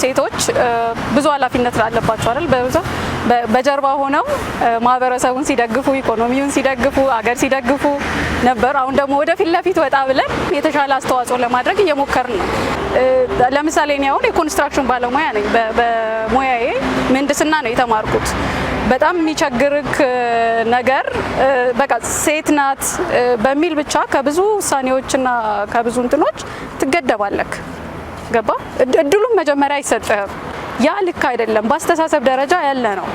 ሴቶች ብዙ ኃላፊነት ላለባቸው አይደል? በብዛት በጀርባ ሆነው ማህበረሰቡን ሲደግፉ፣ ኢኮኖሚውን ሲደግፉ፣ አገር ሲደግፉ ነበር። አሁን ደግሞ ወደፊት ለፊት ወጣ ብለን የተሻለ አስተዋጽኦ ለማድረግ እየሞከርን ነው። ለምሳሌ እኔ አሁን የኮንስትራክሽን ባለሙያ ነኝ። በሙያዬ ምህንድስና ነው የተማርኩት። በጣም የሚቸግርክ ነገር በቃ ሴት ናት በሚል ብቻ ከብዙ ውሳኔዎችና ከብዙ እንትኖች ትገደባለክ። ገባ እድሉም መጀመሪያ አይሰጥህም። ያ ልክ አይደለም። በአስተሳሰብ ደረጃ ያለ ነው።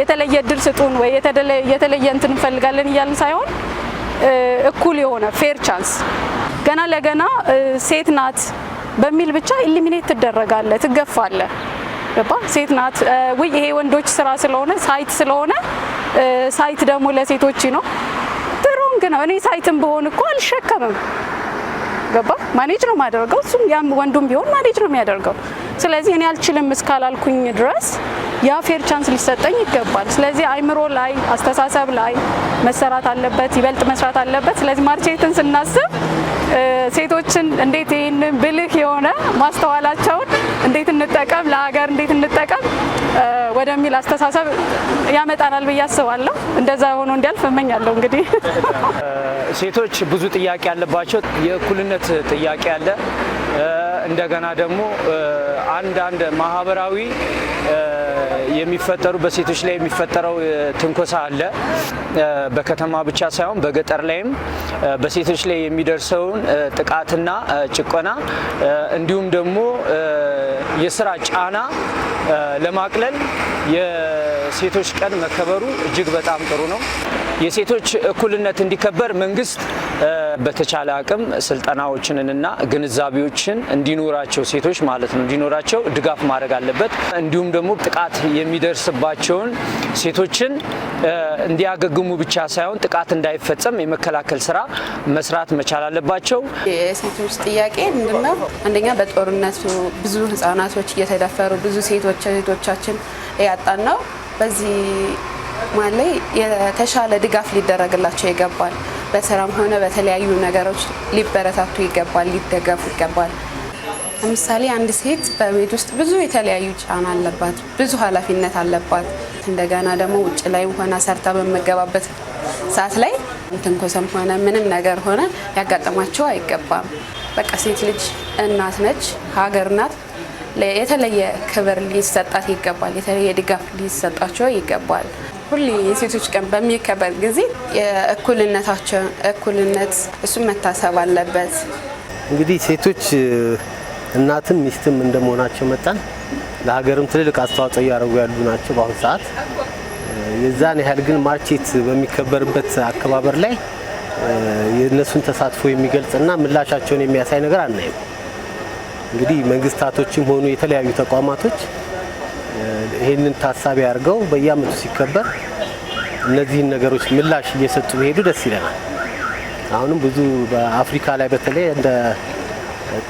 የተለየ እድል ስጡን ወይ የተለየ እንትን እንፈልጋለን እያልን ሳይሆን እኩል የሆነ ፌር ቻንስ ገና ለገና ሴት ናት በሚል ብቻ ኢሊሚኔት ትደረጋለ፣ ትገፋለ። ገባ ሴት ናት ውይ ይሄ ወንዶች ስራ ስለሆነ ሳይት ስለሆነ ሳይት ደግሞ ለሴቶች ነው። ትሮንግ ግን እኔ ሳይትን ብሆን እኮ አልሸከምም። ገባ ማኔጅ ነው ማደርገው እሱም ያም ወንዱም ቢሆን ማኔጅ ነው የሚያደርገው። ስለዚህ እኔ አልችልም እስካላልኩኝ ድረስ ያ ፌር ቻንስ ሊሰጠኝ ይገባል። ስለዚህ አይምሮ ላይ አስተሳሰብ ላይ መሰራት አለበት፣ ይበልጥ መስራት አለበት። ስለዚህ ማርቼትን ስናስብ ሴቶችን እንዴት ይህንን ብልህ የሆነ ማስተዋላቸውን እንዴት እንጠቀም፣ ለሀገር እንዴት እንጠቀም ወደሚል አስተሳሰብ ያመጣናል ብዬ አስባለሁ። እንደዛ ሆኖ እንዲያልፍ እመኛለሁ። እንግዲህ ሴቶች ብዙ ጥያቄ ያለባቸው የእኩልነት ጥያቄ አለ። እንደገና ደግሞ አንዳንድ ማህበራዊ የሚፈጠሩ በሴቶች ላይ የሚፈጠረው ትንኮሳ አለ። በከተማ ብቻ ሳይሆን በገጠር ላይም በሴቶች ላይ የሚደርሰውን ጥቃትና ጭቆና እንዲሁም ደግሞ የስራ ጫና ለማቅለል ሴቶች ቀን መከበሩ እጅግ በጣም ጥሩ ነው። የሴቶች እኩልነት እንዲከበር መንግስት በተቻለ አቅም ስልጠናዎችንና ግንዛቤዎችን እንዲኖራቸው ሴቶች ማለት ነው እንዲኖራቸው ድጋፍ ማድረግ አለበት። እንዲሁም ደግሞ ጥቃት የሚደርስባቸውን ሴቶችን እንዲያገግሙ ብቻ ሳይሆን ጥቃት እንዳይፈጸም የመከላከል ስራ መስራት መቻል አለባቸው። የሴቶች ጥያቄ ምንድነው? አንደኛ በጦርነቱ ብዙ ህጻናቶች እየተደፈሩ ብዙ ሴቶች እህቶቻችን ያጣን ነው። በዚህ ማለት ላይ የተሻለ ድጋፍ ሊደረግላቸው ይገባል። በስራም ሆነ በተለያዩ ነገሮች ሊበረታቱ ይገባል፣ ሊደገፉ ይገባል። ለምሳሌ አንድ ሴት በቤት ውስጥ ብዙ የተለያዩ ጫና አለባት፣ ብዙ ኃላፊነት አለባት። እንደገና ደግሞ ውጭ ላይ ሆነ ሰርታ በመገባበት ሰዓት ላይ ትንኮሰም ሆነ ምንም ነገር ሆነ ያጋጠማቸው አይገባም። በቃ ሴት ልጅ እናት ነች፣ ሀገር ናት። የተለየ ክብር ሊሰጣት ይገባል። የተለየ ድጋፍ ሊሰጣቸው ይገባል። ሁሌ የሴቶች ቀን በሚከበር ጊዜ የእኩልነታቸው እኩልነት እሱም መታሰብ አለበት። እንግዲህ ሴቶች እናትም ሚስትም እንደመሆናቸው መጠን ለሀገርም ትልልቅ አስተዋጽኦ እያደረጉ ያሉ ናቸው። በአሁኑ ሰዓት የዛን ያህል ግን ማርቼት በሚከበርበት አከባበር ላይ የእነሱን ተሳትፎ የሚገልጽና ምላሻቸውን የሚያሳይ ነገር አናይም። እንግዲህ መንግስታቶችም ሆኑ የተለያዩ ተቋማቶች ይህንን ታሳቢ አድርገው በየአመቱ ሲከበር እነዚህን ነገሮች ምላሽ እየሰጡ ሄዱ ደስ ይለናል። አሁንም ብዙ በአፍሪካ ላይ በተለይ እንደ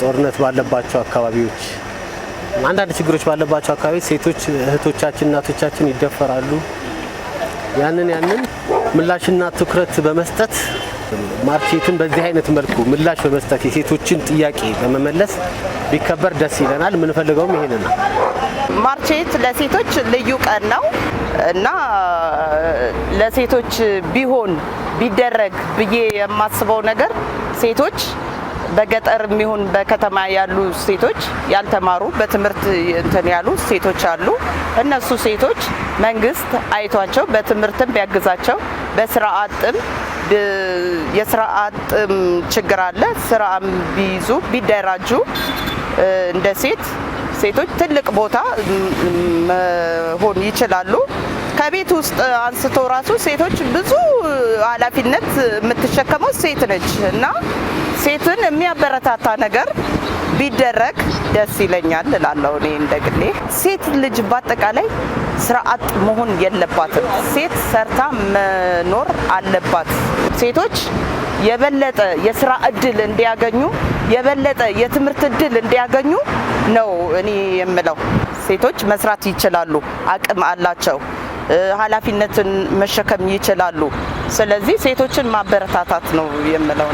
ጦርነት ባለባቸው አካባቢዎች አንዳንድ ችግሮች ባለባቸው አካባቢዎች ሴቶች እህቶቻችን፣ እናቶቻችን ይደፈራሉ። ያንን ያንን ምላሽና ትኩረት በመስጠት ማርኬትን በዚህ አይነት መልኩ ምላሽ በመስጠት የሴቶችን ጥያቄ በመመለስ ቢከበር ደስ ይለናል። የምንፈልገውም ይሄን ነው። ማርኬት ለሴቶች ልዩ ቀን ነው እና ለሴቶች ቢሆን ቢደረግ ብዬ የማስበው ነገር ሴቶች በገጠር የሚሆን በከተማ ያሉ ሴቶች ያልተማሩ በትምህርት እንትን ያሉ ሴቶች አሉ። እነሱ ሴቶች መንግስት አይቷቸው በትምህርትም ቢያግዛቸው በስራ አጥም የስራ አጥም ችግር አለ። ስራ ቢይዙ ቢደራጁ እንደ ሴት ሴቶች ትልቅ ቦታ መሆን ይችላሉ። ከቤት ውስጥ አንስቶ ራሱ ሴቶች ብዙ ኃላፊነት የምትሸከመው ሴት ነች እና ሴትን የሚያበረታታ ነገር ቢደረግ ደስ ይለኛል እላለሁ እኔ እንደ ግሌ። ሴት ልጅ በአጠቃላይ ስራ አጥ መሆን የለባትም። ሴት ሰርታ መኖር አለባት። ሴቶች የበለጠ የስራ እድል እንዲያገኙ የበለጠ የትምህርት እድል እንዲያገኙ ነው እኔ የምለው። ሴቶች መስራት ይችላሉ፣ አቅም አላቸው፣ ኃላፊነትን መሸከም ይችላሉ። ስለዚህ ሴቶችን ማበረታታት ነው የምለው።